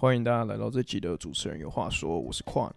歡迎大家來到這集的主持人有話說，我是 Kuan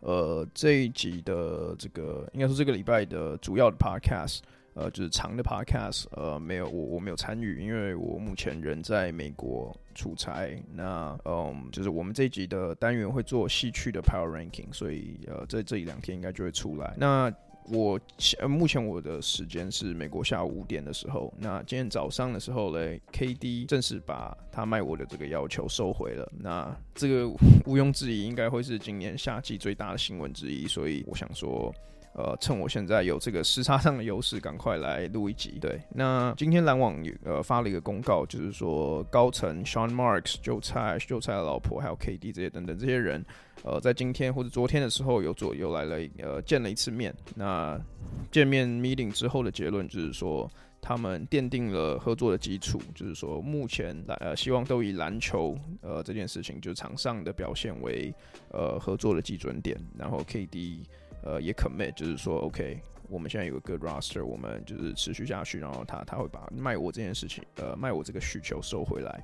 呃，這一集的這個應該是這個禮拜的主要的 Podcast。呃，就是長的 podcast，呃，沒有我我沒有參與，因為我目前人在美國出差。那，嗯，就是我們這一集的單元會做西區的 power ranking，所以，呃，在這一兩天應該就會出來。那我，呃，目前我的時間是美國下午五點的時候。那今天早上的時候嘞，KD 正式把他賣我的這個要求收回了。那這個毋庸置疑，應該會是今年夏季最大的新聞之一。所以我想說。呃，趁我現在有這個時差上的優勢，趕快來錄一集。對，那今天籃網也呃發了一個公告，就是說高層 Sean Marks 就蔡就蔡的老婆還有 KD 這些等等這些人，呃，在今天或者昨天的時候有左又來了呃見了一次面。那見面 meeting 之後的結論就是說，他們奠定了合作的基礎，就是說目前來，呃希望都以籃球呃這件事情就是場上的表現為呃合作的基準點，然後 KD。呃，也 commit 就是說，OK，我們現在有個 good roster，我們就是持續下去，然後他他會把賣我這件事情，呃，賣我這個需求收回來。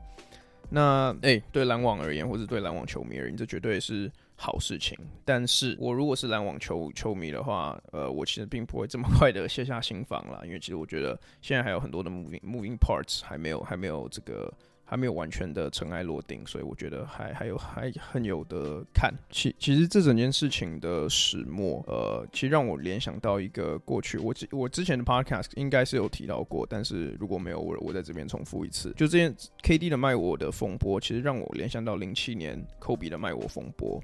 那誒，對籃網而言，或者對籃網球迷而言，這絕對是好事情。但是我如果是籃網球球迷的話，呃，我其實並不會這麼快的卸下心防啦，因為其實我覺得現在還有很多的 moving moving parts 還沒有還沒有這個。還沒有完全的塵埃落定，所以我覺得還還有還很有的看。其其實這整件事情的始末，呃，其實讓我聯想到一個過去，我之我之前的 podcast 應該是有提到過，但是如果沒有我我在這邊重複一次，就這件 KD 的賣我的風波，其實讓我聯想到零七年 Kobe 的賣我風波。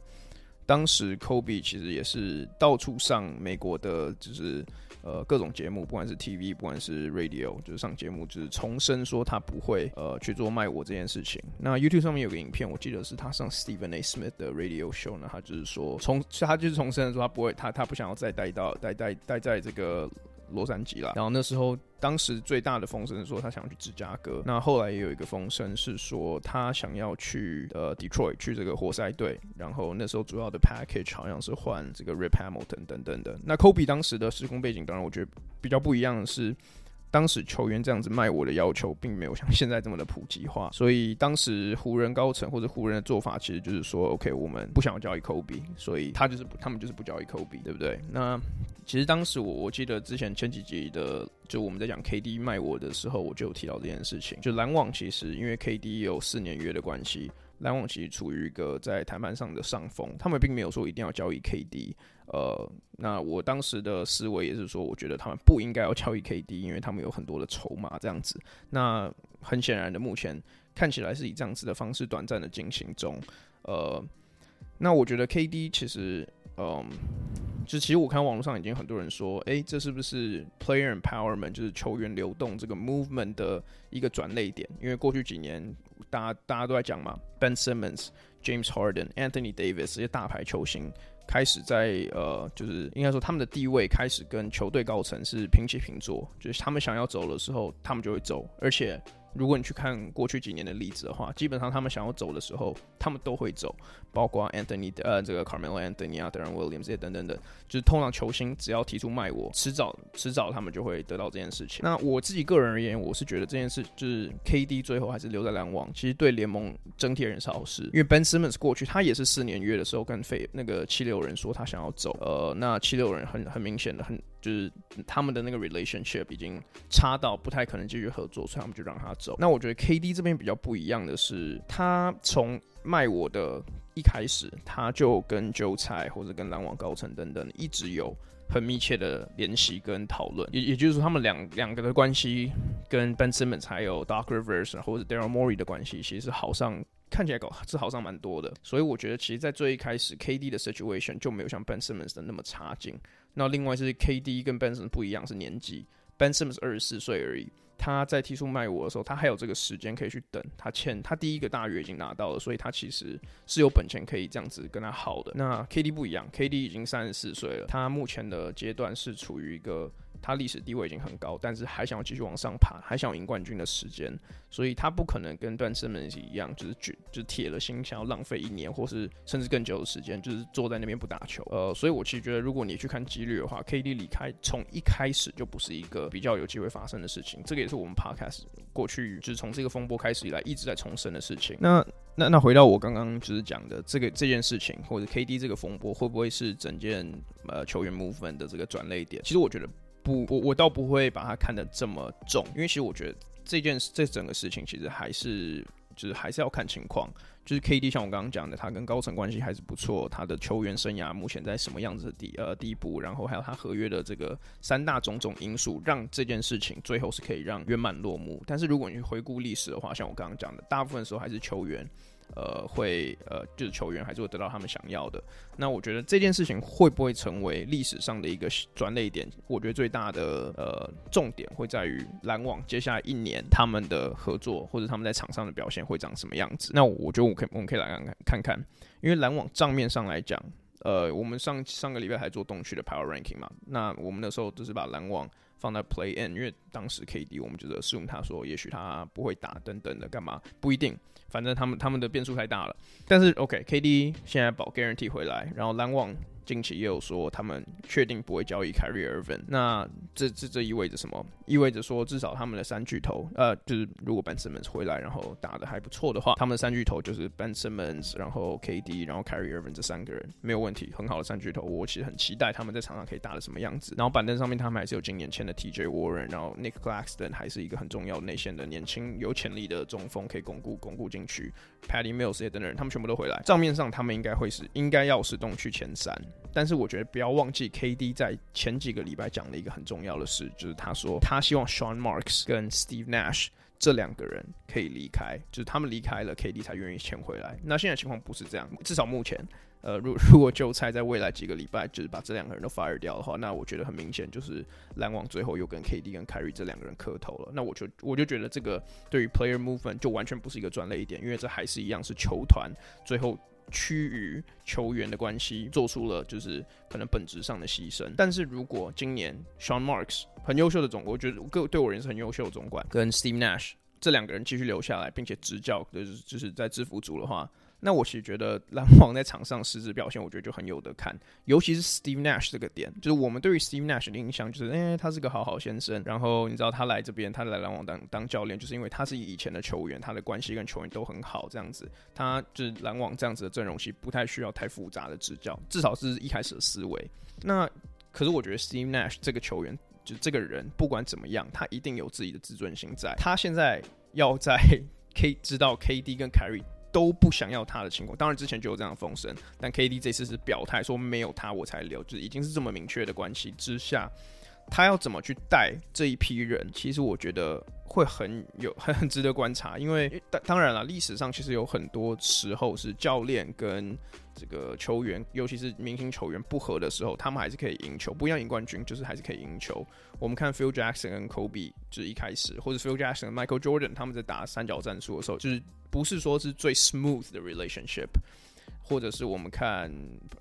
當時 Kobe 其實也是到處上美國的，就是。呃，各種節目，不管是 TV，不管是 Radio，就是上節目，就是重申說他不會，呃，去做賣我這件事情。那 YouTube 上面有個影片，我記得是他上 Stephen A. Smith 的 Radio Show 呢，他就是說重，他就是重申說他不會，他他不想要再待到待待待在這個。洛杉磯啦，然後那時候當時最大的風聲是說他想去芝加哥，那後來也有一個風聲是說他想要去呃 Detroit 去這個活塞隊，然後那時候主要的 package 好像是換這個 Rip Hamilton 等等等。那 Kobe 當時的時空背景，當然我覺得比較不一樣的是。當時球員這樣子賣我的要求，並沒有像現在這麼的普及化，所以當時湖人高層或者湖人的做法，其實就是說，OK，我們不想要交易科比，所以他就是他們就是不交易科比，對不對？那其實當時我我記得之前前幾集的，就我們在講 KD 賣我的時候，我就有提到這件事情，就籃網其實因為 KD 有四年約的關係。藍網其實處於一個在談判上的上風，他們並沒有說一定要交易 KD。呃，那我當時的思維也是說，我覺得他們不應該要交易 KD，因為他們有很多的籌碼這樣子。那很顯然的，目前看起來是以這樣子的方式短暫的進行中。呃，那我覺得 KD 其實，嗯、呃。就其實我看網絡上已經很多人說，誒、欸，這是不是 player empowerment，就是球員流動這個 movement 的一個轉捩點？因為過去幾年，大家大家都在講嘛，Ben Simmons、James Harden、Anthony Davis 這些大牌球星開始在呃，就是應該說他們的地位開始跟球隊高層是平起平坐，就是他們想要走的時候，他們就會走，而且。如果你去看過去幾年的例子的話，基本上他們想要走的時候，他們都會走，包括 Anthony 呃這個 Carmelo Anthony 啊，Deron Williams 也等等等，就是通常球星只要提出賣我，遲早遲早他們就會得到這件事情。那我自己個人而言，我是覺得這件事就是 KD 最後還是留在籃網，其實對聯盟整體人是好事，因為 Ben Simmons 過去他也是四年約的時候跟費那個七六人說他想要走，呃那七六人很很明顯的很。就是他們的那個 relationship 已經差到不太可能繼續合作，所以他們就讓他走。那我覺得 KD 這邊比較不一樣的是，他從賣我的一開始，他就跟韭菜或者跟籃網高層等等一直有很密切的聯繫跟討論，也也就是說，他們兩兩個的關係跟 Ben Simmons、還有 Doc Rivers 或者 Daryl Morey 的關係，其實是好上。看起來搞是好像蠻多的，所以我覺得其實，在最一開始，K D 的 situation 就沒有像 Ben Simmons 的那麼差勁。那另外是 K D 跟 Ben Simmons 不一樣，是年紀。Ben Simmons 二十四歲而已，他在提出賣我的時候，他還有這個時間可以去等。他欠他第一個大約已經拿到了，所以他其實是有本錢可以這樣子跟他耗的。那 K D 不一樣，K D 已經三十四歲了，他目前的階段是處於一個。他歷史地位已經很高，但是還想要繼續往上爬，還想贏冠軍的時間，所以他不可能跟班西蒙斯一樣，就是就就是鐵了心想要浪費一年，或是甚至更久的時間，就是坐在那邊不打球。呃，所以我其實覺得，如果你去看幾率的話，KD 離開從一開始就不是一個比較有機會發生的事情。這個也是我們 Podcast 過去就是從這個風波開始以來一直在重申的事情。那那那回到我剛剛就是講的這個這件事情，或者 KD 這個風波會不會是整件呃球員 movement 的這個轉捩點？其實我覺得。不，我我倒不會把它看得這麼重，因為其實我覺得這件事，這整個事情其實還是就是還是要看情況，就是 KD 像我剛剛講的，他跟高層關係還是不錯，他的球員生涯目前在什麼樣子的底呃，地步，然後還有他合約的這個三大種種因素，讓這件事情最後是可以讓圓滿落幕。但是如果你回顧歷史的話，像我剛剛講的，大部分的時候還是球員。呃，會呃，就是球員還是會得到他們想要的。那我覺得這件事情會不會成為歷史上的一個轉捩點？我覺得最大的呃重點會在於籃網接下來一年他們的合作或者他們在場上的表現會長什麼樣子。那我覺得我可以我們可以來看看看因為籃網賬面上來講，呃，我們上上個禮拜還做東區的 Power Ranking 嘛，那我們那時候就是把籃網放在 Play In，因為當時 KD 我們覺得，assume 他說也許他不會打等等的幹嘛，不一定。反正他們他們的變數太大了，但是 okay，KD 現在保 Guarantee 回來，然後藍網。近期也有說他們確定不會交易 Kyrie Irving 那這這這意味着什麼？意味着說至少他們的三巨頭，呃，就是如果 Ben Simmons 回來然後打得還不錯的話，他們的三巨頭就是 Ben Simmons 然後 KD，然後 Kyrie Irving 這三個人沒有問題，很好的三巨頭。我其實很期待他們在場上可以打得什麼樣子。然後板凳上面他們還是有今年簽的 TJ Warren，然後 Nick Claxton 還是一個很重要內線的年輕有潛力的中鋒，可以鞏固鞏固進去。Patty Mills 也等,等人他們全部都回來，賬面上他們應該會是應該要是東區前三。但是我覺得不要忘記，KD 在前幾個禮拜講了一個很重要的事，就是他說他希望 Sean Marks 跟 Steve Nash 這兩個人可以離開，就是他們離開了，KD 才願意簽回來。那現在的情況不是這樣，至少目前，呃，如果如果 Joe Tsai 在未來幾個禮拜就是把這兩個人都 fire 掉的話，那我覺得很明顯就是籃網最後又跟 KD 跟 Kyrie 這兩個人磕頭了。那我就我就覺得這個對於 player movement 就完全不是一個轉捩點，因為這還是一樣是球團最後。趨於球員的關係，做出了就是可能本質上的犧牲。但是如果今年 Sean Marks 很優秀的總，我覺得個對我而言是很優秀的總管，跟 Steve Nash 這兩個人繼續留下來，並且執教就是就是在制服組的話。那我其實覺得籃網在場上實質表現，我覺得就很有得看，尤其是 Steve Nash 這個點，就是我們對於 Steve Nash 的印象就是，誒、欸，他是個好好先生。然後你知道他來這邊，他來籃網當當教練，就是因為他是以，以前的球員，他的關係跟球員都很好，這樣子，他就是籃網這樣子的陣容，其實不太需要太複雜的執教，至少是一開始的思維。那可是我覺得 Steve Nash 這個球員，就是、這個人不管怎麼樣，他一定有自己的自尊心在。他現在要在 K 知道 KD 跟 Kyrie。r 都不想要他的情況，當然之前就有這樣的風聲，但 KD 這次是表態說，沒有他我才留，就已經是這麼明確的關係之下。他要怎麼去帶這一批人？其實我覺得會很有很很值得觀察，因為當當然了，歷史上其實有很多時候是教練跟這個球員，尤其是明星球員不合的時候，他們還是可以贏球，不一樣贏冠軍，就是還是可以贏球。我們看 Phil Jackson 跟 Kobe，就是一開始，或者 Phil Jackson 和 Michael Jordan 他們在打三角戰術的時候，就是不是說是最 smooth 的 relationship，或者是我們看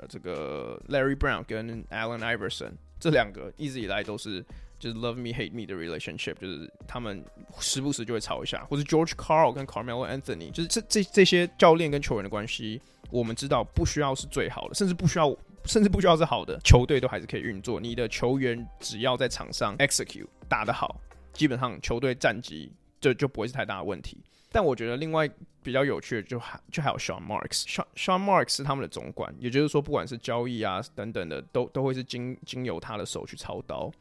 這個 Larry Brown 跟 Allen Iverson。這兩個一直以來都是就是 love me hate me 的 relationship，就是他們時不時就會吵一下，或者 George Karl 跟 Carmelo Anthony，就是這這這些教練跟球員的關係，我們知道不需要是最好的，甚至不需要，甚至不需要是好的，球隊都還是可以運作。你的球員只要在場上 execute 打得好，基本上球隊戰績這就，就不會是太大的問題。但我覺得另外比較有趣的就，就還就還有 Sean Marks，Sean Marks 是他們的總管，也就是說，不管是交易啊等等的，都都會是經經由他的手去操刀。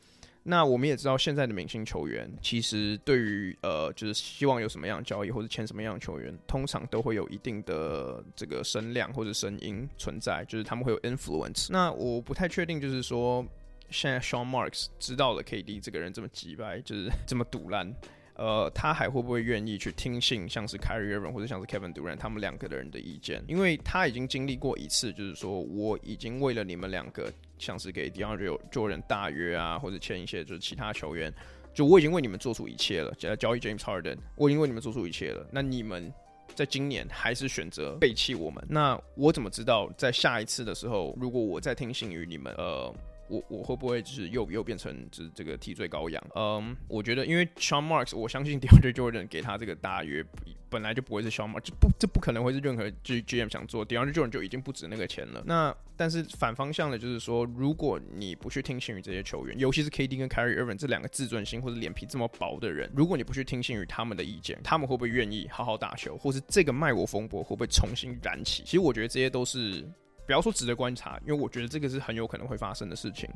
那我們也知道，現在的明星球員其實對於呃，就是希望有什麼樣的交易或者簽什麼樣的球員，通常都會有一定的這個聲量或者聲音存在，就是他們會有 influence。那我不太確定，就是說現在 Sean Marks 知道了 KD 這個人這麼機掰，就是這麼賭爛。呃，他還會不會願意去聽信像是 Kyrie Irving 或者像是 Kevin Durant 他們兩個的人的意見？因為他已經經歷過一次，就是說，我已經為了你們兩個，像是給 DeAndre Jordan 大約啊，或者簽一些就是其他球員，就我已經為你們做出一切了。在交易 James Harden，我已經為你們做出一切了。那你們在今年還是選擇背棄我們？那我怎麼知道在下一次的時候，如果我再聽信於你們，呃？我我會不會就是又又變成這這個替罪羔羊？嗯、um,，我覺得因為 Sean Marks，我相信 DeAndre Jordan 給他這個大約本來就不會是 Sean Marks。不這不可能會是任何 G GM 想做 DeAndre Jordan 就已經不止那個錢了。那但是反方向的，就是說，如果你不去聽信於這些球員，尤其是 KD 跟 Kyrie Irving 這兩個自尊心或者臉皮這麼薄的人，如果你不去聽信於他們的意見，他們會不會願意好好打球，或是這個賣我風波會不會重新燃起？其實我覺得這些都是。不要說值得觀察，因為我覺得這個是很有可能會發生的事情。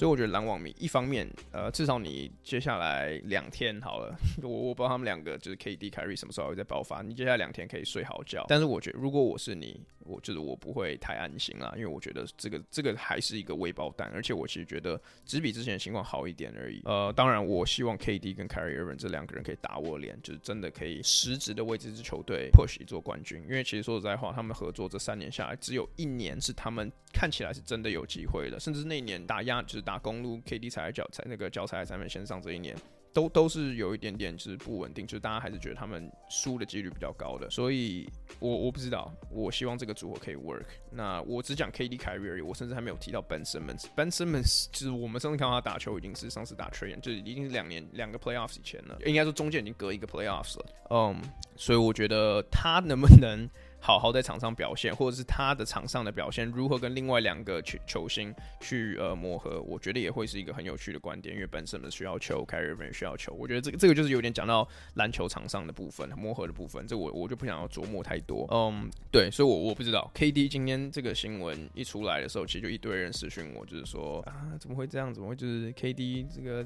所以我覺得籃網迷，一方面，呃，至少你接下來兩天好了，我我不知道他們兩個就是 KD、Kyrie 什麼時候還會再爆發，你接下來兩天可以睡好覺。但是我覺得，如果我是你，我就是我不會太安心啊，因為我覺得這個這個還是一個未爆彈，而且我其實覺得只比之前的情況好一點而已。呃，當然，我希望 KD 跟 Kyrie 這兩個人可以打我臉，就是真的可以實質的為這支球隊 push 一座冠軍。因為其實說實在話，他們合作這三年下來，只有一年是他們看起來是真的有機會的，甚至那一年打壓就是打。打公路 K D 踩腳踩那個腳踩在三分線上這一年，都都是有一點點就是不穩定，就是大家還是覺得他們輸的幾率比較高的，所以我我不知道，我希望這個組合可以 work。那我只講 K D 凱瑞而已，我甚至還沒有提到 Ben Simmons，Ben Simmons, Ben Simmons 就是我們上次看到他打球已經是上次打 train 就是已經是兩年兩個 playoffs 以前了，應該說中間已經隔一個 playoffs 了，嗯，um, 所以我覺得他能不能？ 好好在場上表現，或者是他的場上的表現如何跟另外兩個球球星去呃磨合，我覺得也會是一個很有趣的觀點，因為本身的需要球，凱瑞文需要球。我覺得這個這個就是有點講到籃球場上的部分，磨合的部分。這我我就不想要琢磨太多。嗯，對，所以我我不知道，KD 今天這個新聞一出來的時候，其實就一堆人私訊我，就是說啊，怎麼會這樣？怎麼會就是 KD 這個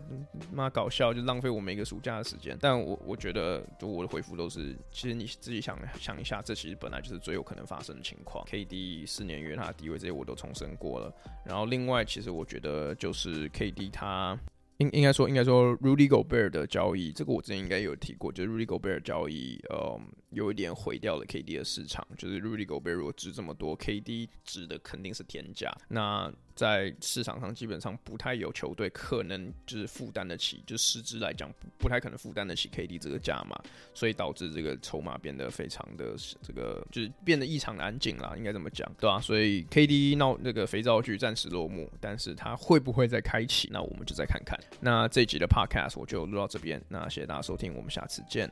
媽、嗯、搞笑，就浪費我每個暑假的時間。但我我覺得，就我的回復都是，其實你自己想想一下，這其實本來。就是最有可能發生的情況。KD 四年約，他的地位，這些我都重申過了。然後另外，其實我覺得就是 KD 他應應該說應該說 Rudy Gobert 的交易，這個我之前應該有提過，就是 Rudy Gobert 交易，嗯，有一點毀掉了 KD 的市場。就是 Rudy Gobert 如果值這麼多，KD 值的肯定是天價。那在市場上基本上不太有球隊可能就是負擔得起，就市值來講不,不太可能負擔得起 KD 這個價嘛，所以導致這個籌碼變得非常的這個就是變得異常的安靜啦，應該怎麼講，對吧、啊？所以 KD 鬧那個肥皂劇暫時落幕，但是它會不會再開啟？那我們就再看看。那這集的 Podcast 我就錄到這邊，那謝謝大家收聽，我們下次見。